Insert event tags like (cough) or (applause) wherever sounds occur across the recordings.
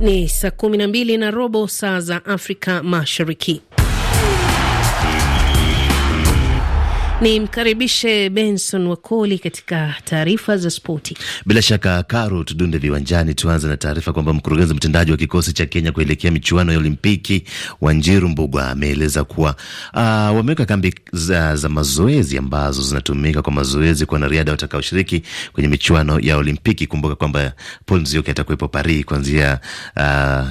Ni saa 12 na robo saa za Afrika Mashariki. Ni mkaribishe Benson Wakoli katika taarifa za spoti. Bila shaka Karo, tudunde viwanjani. Tuanze na taarifa kwamba mkurugenzi mtendaji wa kikosi cha Kenya kuelekea michuano ya Olimpiki Wanjiru Mbugwa ameeleza kuwa uh, wameweka kambi za, za mazoezi ambazo zinatumika kwa mazoezi kwa wanariadha watakaoshiriki kwenye michuano ya Olimpiki. Kumbuka kwamba Paul Nzioki atakuwepo Paris kuanzia uh,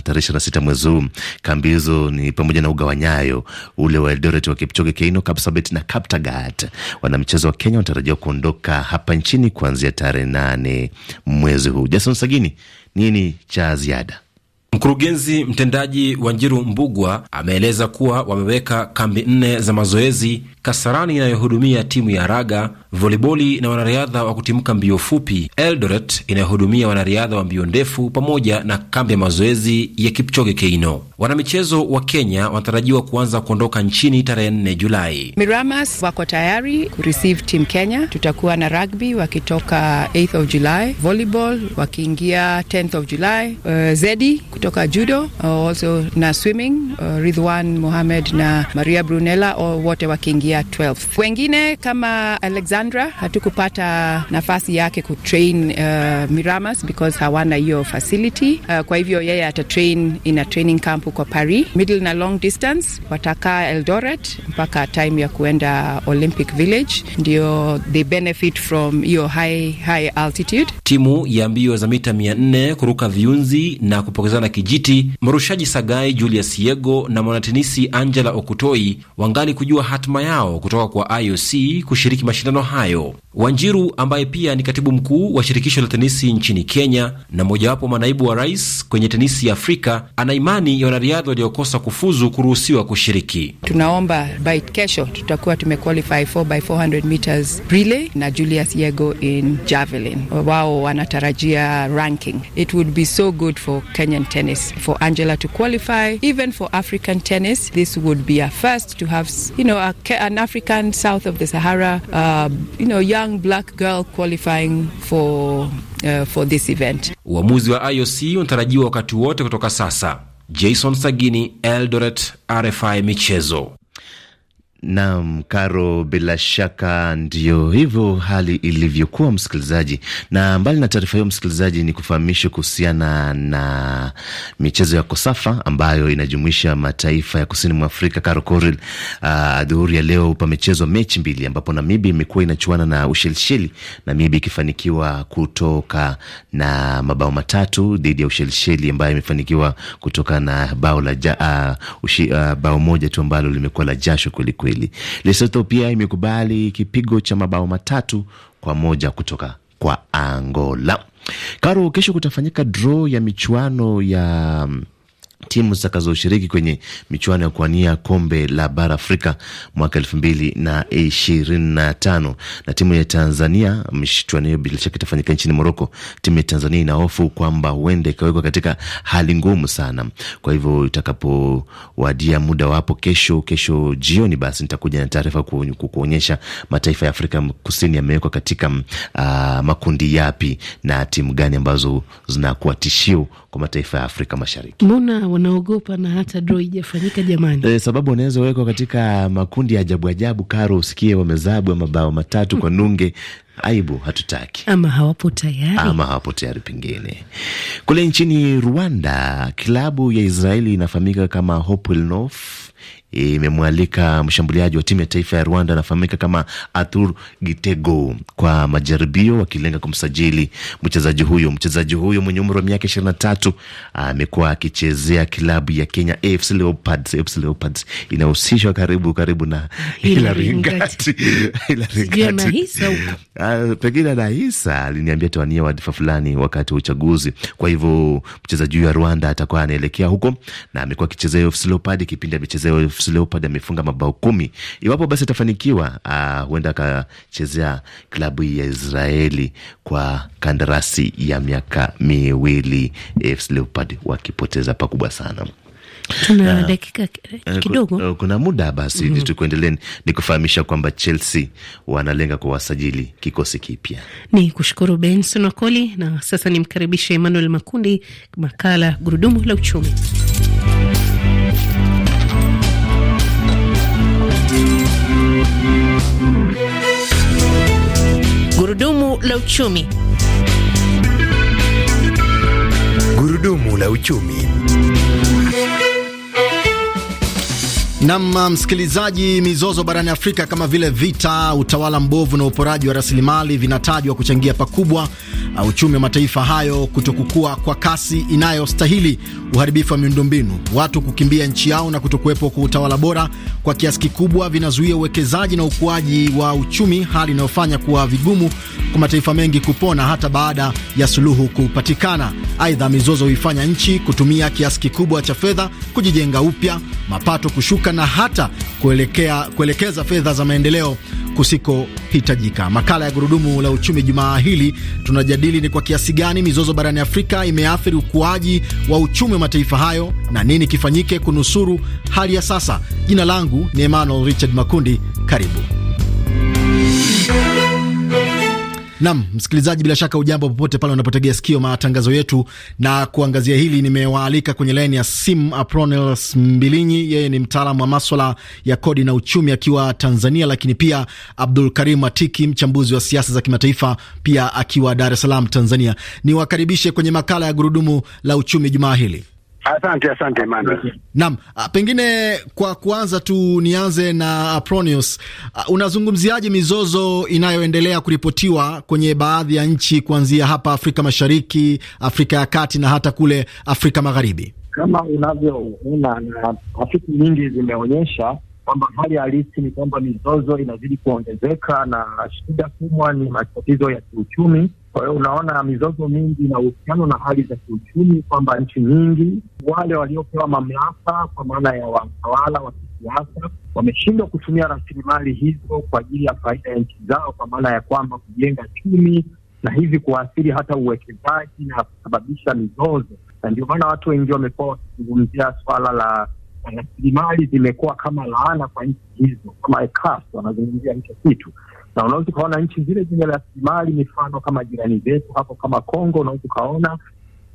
tarehe ishirini na sita mwezi huu. Kambi hizo ni pamoja na uga wa Nyayo, ule wa Eldoret wa Kipchoge Keino, Kapsabet na Kaptagat. Bomet. Wanamchezo wa Kenya wanatarajiwa kuondoka hapa nchini kuanzia tarehe nane mwezi huu. Jason Sagini, nini cha ziada? Mkurugenzi mtendaji wa Njiru Mbugwa ameeleza kuwa wameweka kambi nne za mazoezi Kasarani inayohudumia timu ya raga, voliboli na wanariadha wa kutimka mbio fupi, Eldoret inayohudumia wanariadha wa mbio ndefu, pamoja na kambi ya mazoezi ya Kipchoge Keino. Wanamichezo wa Kenya wanatarajiwa kuanza kuondoka nchini tarehe 4 Julai. Miramas wako tayari kureceive team Kenya. Tutakuwa na rugby wakitoka 8th of July, volleyball wakiingia 10th of July, uh, zedi kutoka judo, uh, also na swimming, uh, Ridwan Mohamed na Maria Brunella wote wakiingia 12. Wengine kama Alexandra hatukupata nafasi yake kutrain uh, Miramas because hawana hiyo facility uh, kwa hivyo yeye atatrain in a training camp kwa Paris. Middle na long distance watakaa Eldoret mpaka time ya kuenda Olympic Village, ndio they benefit from hiyo high, high altitude. Timu ya mbio za mita 400 kuruka viunzi na kupokezana kijiti, mrushaji Sagai Julius Yego na mwanatenisi Angela Okutoi wangali kujua hatima yao kutoka kwa IOC kushiriki mashindano hayo. Wanjiru ambaye pia ni katibu mkuu wa shirikisho la tenisi nchini Kenya na mmojawapo manaibu wa rais kwenye tenisi ya Afrika ana imani ya wanariadha waliokosa kufuzu kuruhusiwa kushiriki. Tunaomba by kesho tutakuwa tumequalify 4 by 400 meters relay na Julius Yego in javelin. Wao wanatarajia ranking. It would be so good for Kenyan tennis for Angela to qualify even for African tennis this would be a first to have you know a, an African south of the Sahara uh, you know young black girl qualifying for uh, for this event. Uamuzi wa IOC unatarajiwa wakati wote kutoka sasa. Jason Sagini, Eldoret, RFI Michezo. Naam, Karo, bila shaka ndio hivyo hali ilivyokuwa, msikilizaji. Na mbali na taarifa hiyo, msikilizaji, ni kufahamishe kuhusiana na michezo ya Kosafa ambayo inajumuisha mataifa ya kusini mwa Afrika. Karo Koril, ah, dhuhuri ya leo pamechezwa mechi mbili ambapo Namibia imekuwa inachuana na Ushelisheli, Namibia ikifanikiwa kutoka na mabao matatu dhidi ya Ushelisheli ambayo imefanikiwa kutoka na bao la ja, uh, ushi, uh, bao moja tu ambalo limekuwa la jasho kwelikweli kweli. Lesotho pia imekubali kipigo cha mabao matatu kwa moja kutoka kwa Angola. Karo, kesho kutafanyika draw ya michuano ya mm, timu zitakazoshiriki kwenye michuano ya kuwania kombe la bara Afrika mwaka elfu mbili na ishirini na tano na timu ya Tanzania. Michuano hiyo bila shaka itafanyika nchini Moroko. Timu ya Tanzania ina hofu kwamba huenda ikawekwa katika hali ngumu sana, kwa hivyo itakapowadia muda wapo kesho, kesho jioni, basi nitakuja na taarifa kuonyesha mataifa ya Afrika Kusini yamewekwa katika uh, makundi yapi na timu gani ambazo zinakuwa tishio kwa mataifa ya Afrika Mashariki. Mbona wanaogopa na hata draw ijafanyika jamani. E, sababu wanaweza wekwa katika makundi ya ajabu ajabu, karo usikie wamezabu mabao matatu kwa nunge Aibu hatutaki, ama hawapo tayari, ama hawapo tayari. Pengine kule nchini Rwanda, klabu ya Israeli inafahamika kama Hope imemwalika mshambuliaji wa timu ya taifa ya Rwanda anafahamika kama Arthur Gitego kwa majaribio, wakilenga kumsajili mchezaji huyo. Mchezaji huyo mwenye umri wa miaka ishirini na tatu amekuwa akichezea klabu ya Kenya AFC Leopards. AFC Leopards inahusishwa karibu karibu na Hilary Ngati. (laughs) Ah, pengine anahisa, aliniambia tawania wadhifa fulani wakati wa uchaguzi. Kwa hivyo mchezaji huyo wa Rwanda atakuwa anaelekea huko, na amekuwa akichezea AFC Leopards kipindi amechezea Leopards. Leopards amefunga mabao kumi. Iwapo basi atafanikiwa, ah, huenda uh, akachezea klabu ya Israeli kwa kandarasi ya miaka miwili, AFC Leopard wakipoteza pakubwa sana. Tuna uh, ah, dakika eh, kidogo, eh, kuna muda basi mm -hmm. Tukuendelee ni kufahamisha kwamba Chelsea wanalenga kuwasajili wasajili kikosi kipya. Ni kushukuru Benson Wakoli, na sasa nimkaribishe Emmanuel Makundi, makala Gurudumu la Uchumi. Gurudumu la uchumi. Gurudumu la uchumi. Nam msikilizaji, mizozo barani Afrika kama vile vita, utawala mbovu na uporaji wa rasilimali vinatajwa kuchangia pakubwa uchumi wa mataifa hayo kutokukua kwa kasi inayostahili, uharibifu wa miundombinu, watu kukimbia nchi yao na kutokuwepo kwa utawala bora, kwa kiasi kikubwa vinazuia uwekezaji na ukuaji wa uchumi, hali inayofanya kuwa vigumu kwa mataifa mengi kupona hata baada ya suluhu kupatikana. Aidha, mizozo huifanya nchi kutumia kiasi kikubwa cha fedha kujijenga upya, mapato kushuka na hata kuelekea, kuelekeza fedha za maendeleo kusikohitajika. Makala ya Gurudumu la Uchumi jumaa hili tunajadili ni kwa kiasi gani mizozo barani Afrika imeathiri ukuaji wa uchumi wa mataifa hayo na nini kifanyike kunusuru hali ya sasa. Jina langu ni Emmanuel Richard Makundi, karibu. Nam msikilizaji, bila shaka ujambo popote pale unapotegea sikio matangazo yetu, na kuangazia hili nimewaalika kwenye laini ya simu Apronel Mbilinyi, yeye ni mtaalamu wa maswala ya kodi na uchumi akiwa Tanzania, lakini pia Abdul Karim Atiki, mchambuzi wa siasa za kimataifa, pia akiwa Dar es Salaam, Tanzania. Niwakaribishe kwenye makala ya gurudumu la uchumi jumaa hili. Asante, asante Emmanuel. Naam, ah, pengine kwa kuanza tu nianze na Apronius. Ah, ah, unazungumziaje mizozo inayoendelea kuripotiwa kwenye baadhi ya nchi kuanzia hapa Afrika Mashariki, Afrika ya Kati na hata kule Afrika Magharibi? Kama unavyoona na tafiti nyingi zimeonyesha kwamba hali halisi ni kwamba mizozo inazidi kuongezeka na shida kubwa ni matatizo ya kiuchumi. Kwa hiyo unaona mizozo mingi inahusiana uhusiano na hali za kiuchumi, kwamba nchi nyingi wale waliopewa mamlaka kwa maana ya watawala wa kisiasa wameshindwa kutumia rasilimali hizo kwa ajili ya faida ya nchi zao, kwa maana ya kwamba kujenga chumi na hivi kuathiri hata uwekezaji na kusababisha mizozo, na ndio maana watu wengi wamekuwa wakizungumzia swala la rasilimali zimekuwa kama laana kwa nchi hizo, kama wanazungumzia hicho kitu, na unaweza ukaona nchi zile zenye rasilimali, mifano kama jirani zetu hapo kama Kongo, unaweza ukaona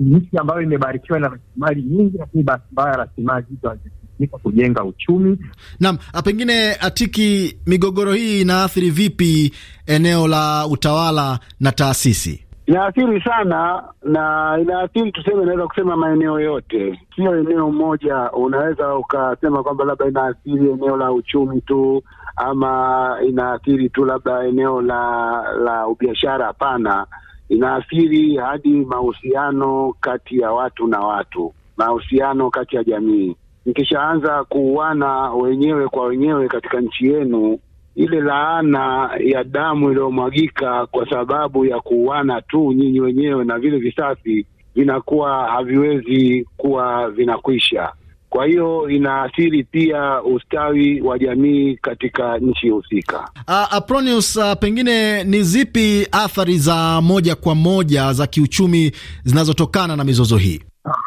nchi ambayo imebarikiwa na rasilimali nyingi, lakini bahati mbaya rasilimali hizo hazitumika kujenga uchumi. Naam, ah, pengine Atiki, migogoro hii inaathiri vipi eneo la utawala na taasisi? inaathiri sana na inaathiri tuseme, inaweza kusema maeneo yote, sio eneo moja. Unaweza ukasema kwamba labda inaathiri eneo la uchumi tu ama inaathiri tu labda eneo la la ubiashara. Hapana, inaathiri hadi mahusiano kati ya watu na watu, mahusiano kati ya jamii. Mkishaanza kuuana wenyewe kwa wenyewe katika nchi yenu ile laana ya damu iliyomwagika kwa sababu ya kuuana tu nyinyi wenyewe, na vile visasi vinakuwa haviwezi kuwa vinakwisha. Kwa hiyo inaathiri pia ustawi wa jamii katika nchi husika. Uh, ah, Apronius, ah, uh, ah, pengine ni zipi athari za moja kwa moja za kiuchumi zinazotokana na mizozo hii?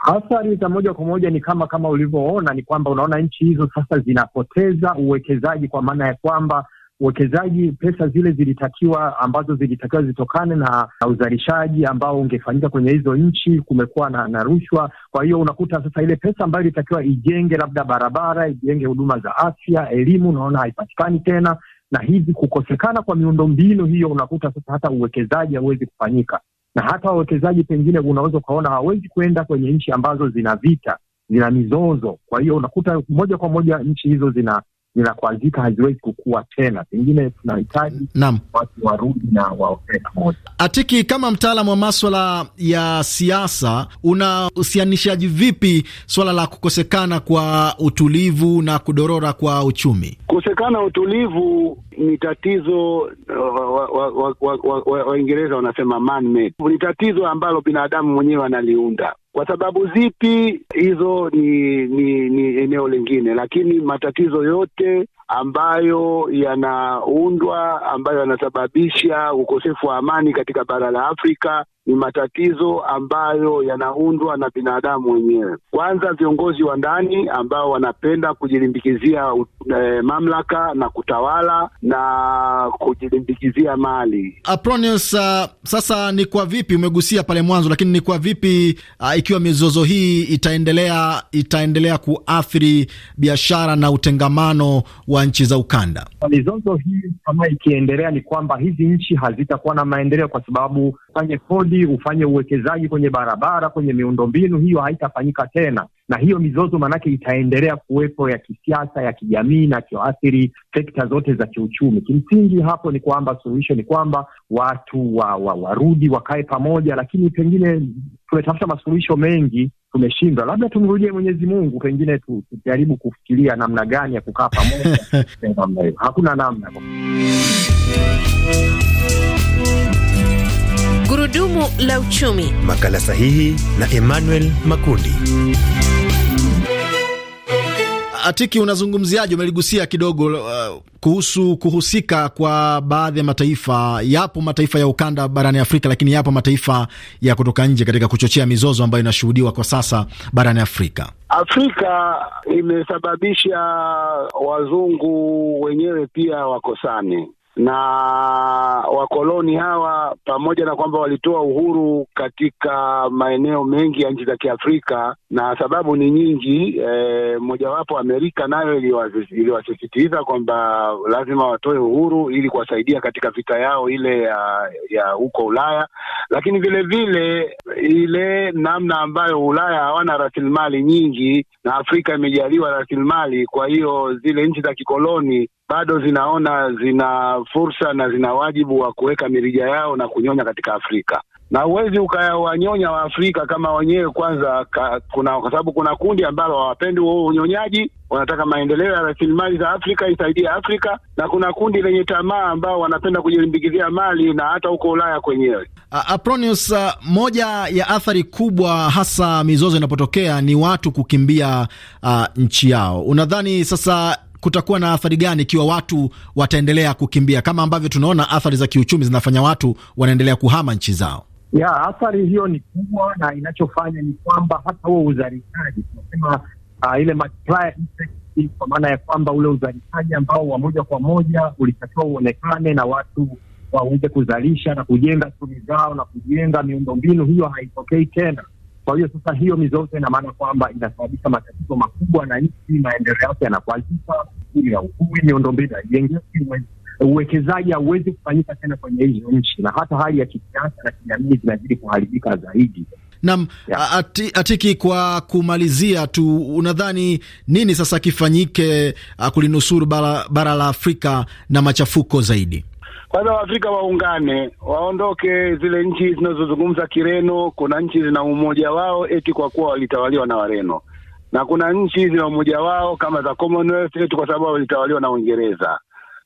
Athari za moja kwa moja ni kama kama ulivyoona, ni kwamba unaona nchi hizo sasa zinapoteza uwekezaji, kwa maana ya kwamba uwekezaji, pesa zile zilitakiwa ambazo zilitakiwa zitokane na, na uzalishaji ambao ungefanyika kwenye hizo nchi, kumekuwa na, na rushwa. Kwa hiyo unakuta sasa ile pesa ambayo ilitakiwa ijenge labda barabara, ijenge huduma za afya, elimu, unaona haipatikani tena, na hivi kukosekana kwa miundombinu hiyo, unakuta sasa hata uwekezaji hauwezi kufanyika, na hata wawekezaji pengine unaweza ukaona hawawezi kuenda kwenye nchi ambazo zina vita zina mizozo. Kwa hiyo unakuta moja kwa moja nchi hizo zina zinakwazika, haziwezi kukua tena. Pengine tunahitaji watu warudi na waongee pamoja. Atiki, kama mtaalamu wa maswala ya siasa, unahusianishaji vipi swala la kukosekana kwa utulivu na kudorora kwa uchumi? Kukosekana utulivu ni tatizo, uh, Waingereza wanasema man made, ni tatizo ambalo binadamu mwenyewe analiunda kwa sababu zipi? Hizo ni, ni, ni eneo lingine, lakini matatizo yote ambayo yanaundwa ambayo yanasababisha ukosefu wa amani katika bara la Afrika ni matatizo ambayo yanaundwa na binadamu wenyewe. Kwanza, viongozi wa ndani ambao wanapenda kujilimbikizia e, mamlaka na kutawala na kujilimbikizia mali. Apronius, uh, sasa ni kwa vipi umegusia pale mwanzo, lakini ni kwa vipi uh, ikiwa mizozo hii itaendelea itaendelea kuathiri biashara na utengamano wa nchi za ukanda. Mizozo hii kama ikiendelea, ni kwamba hizi nchi hazitakuwa na maendeleo, kwa sababu ufanye kodi, ufanye uwekezaji kwenye barabara, kwenye miundombinu, hiyo haitafanyika tena na hiyo mizozo maanake itaendelea kuwepo ya kisiasa, ya kijamii na kioathiri sekta zote za kiuchumi. Kimsingi hapo ni kwamba suluhisho ni kwamba watu wa, wa, warudi wakae pamoja, lakini pengine tumetafuta masuluhisho mengi tumeshindwa, labda tumrudie Mwenyezi Mungu, pengine tujaribu kufikiria namna gani ya kukaa pamoja. (laughs) Hakuna namna Gurudumu la uchumi, makala sahihi na Emmanuel Makundi. Atiki, unazungumziaje? Umeligusia kidogo uh, kuhusu kuhusika kwa baadhi ya mataifa. Yapo mataifa ya ukanda barani Afrika, lakini yapo mataifa ya kutoka nje katika kuchochea mizozo ambayo inashuhudiwa kwa sasa barani Afrika. Afrika imesababisha wazungu wenyewe pia wakosane na wakoloni hawa, pamoja na kwamba walitoa uhuru katika maeneo mengi ya nchi za Kiafrika, na sababu ni nyingi. E, mojawapo Amerika nayo iliwasisitiza kwamba lazima watoe uhuru ili kuwasaidia katika vita yao ile ya ya huko Ulaya, lakini vile vile ile namna ambayo Ulaya hawana rasilimali nyingi na Afrika imejaliwa rasilimali, kwa hiyo zile nchi za kikoloni bado zinaona zina fursa na zina wajibu wa kuweka mirija yao na kunyonya katika Afrika na huwezi ukawanyonya Waafrika kama wenyewe kwanza ka, kuna kwa sababu kuna kundi ambalo hawapendi huo unyonyaji, wanataka maendeleo ya rasilimali za Afrika isaidie Afrika, na kuna kundi lenye tamaa ambao wanapenda kujilimbikizia mali na hata huko Ulaya kwenyewe. Apronius, uh, moja ya athari kubwa hasa mizozo inapotokea ni watu kukimbia uh, nchi yao. Unadhani sasa kutakuwa na athari gani ikiwa watu wataendelea kukimbia, kama ambavyo tunaona athari za kiuchumi zinafanya watu wanaendelea kuhama nchi zao? Ya, athari hiyo ni kubwa, na inachofanya ni kwamba hata huo uzalishaji tunasema, uh, ile multiplier effect, kwa maana ya kwamba ule uzalishaji ambao wa moja kwa moja ulitakiwa uonekane na watu waweze kuzalisha na kujenga chumi zao na kujenga miundombinu, hiyo haitokei tena. Kwa hiyo sasa hiyo mizozo ina maana kwamba inasababisha matatizo makubwa, na nchi maendeleo yake yanakwazika, ya ukumi, miundombinu haijengeki, uwekezaji hauwezi kufanyika tena kwenye hizo nchi, na hata hali ya kisiasa na kijamii zinazidi kuharibika zaidi. nam ati, Atiki, kwa kumalizia tu, unadhani nini sasa kifanyike kulinusuru bara, bara la Afrika na machafuko zaidi? Kwanza Waafrika waungane, waondoke zile nchi zinazozungumza Kireno. Kuna nchi zina umoja wao eti kwa kuwa walitawaliwa na Wareno, na kuna nchi zina umoja wao kama za Commonwealth eti kwa sababu walitawaliwa na Uingereza,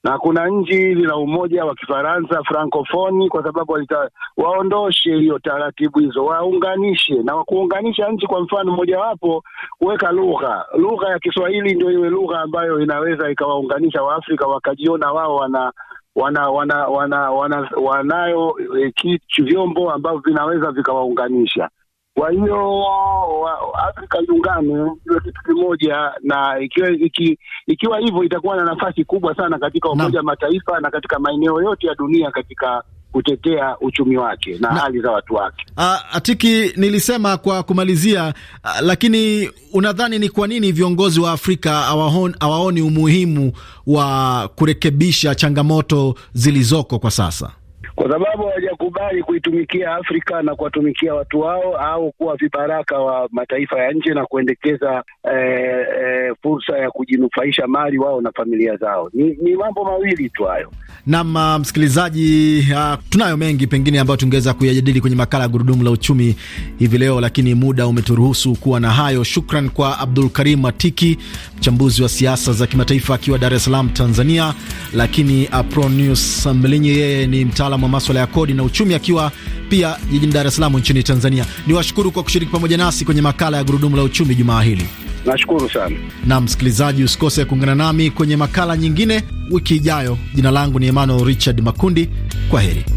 na kuna nchi zina umoja wa Kifaransa Frankofoni kwa sababu walita... waondoshe hiyo taratibu hizo, waunganishe na kuunganisha nchi. Kwa mfano mojawapo, kuweka lugha lugha ya Kiswahili ndio iwe lugha ambayo inaweza ikawaunganisha Waafrika wakajiona wao wana wana wana wana, wana wanayo e, vyombo ambavyo vinaweza vikawaunganisha. Kwa hiyo Afrika iungane iwe kitu kimoja, na ikiwa iki, ikiwa hivyo itakuwa na nafasi kubwa sana katika Umoja Mataifa na katika maeneo yote ya dunia katika kutetea uchumi wake na, na hali za watu wake. A, ah, atiki nilisema kwa kumalizia a, ah, lakini unadhani ni kwa nini viongozi wa Afrika hawaoni umuhimu wa kurekebisha changamoto zilizoko kwa sasa? kwa sababu hawajakubali kuitumikia Afrika na kuwatumikia watu wao au kuwa vibaraka wa mataifa ya nje na kuendekeza eh, eh, fursa ya kujinufaisha mali wao na familia zao. Ni, ni mambo mawili tu hayo. Naam, uh, msikilizaji, uh, tunayo mengi pengine ambayo tungeweza kuyajadili kwenye makala ya gurudumu la uchumi hivi leo, lakini muda umeturuhusu kuwa na hayo. Shukran kwa Abdul Karim Atiki, mchambuzi wa siasa za kimataifa akiwa Dar es Salaam, Tanzania, lakini Apronius uh, Mlinyi yeye ni mtaalamu wa maswala ya kodi na uchumi, akiwa pia jijini Dar es Salaam nchini Tanzania. Ni washukuru kwa kushiriki pamoja nasi kwenye makala ya gurudumu la uchumi jumaa hili. Nashukuru sana. Na msikilizaji, usikose kuungana nami kwenye makala nyingine wiki ijayo. Jina langu ni Emmanuel Richard Makundi. Kwa heri.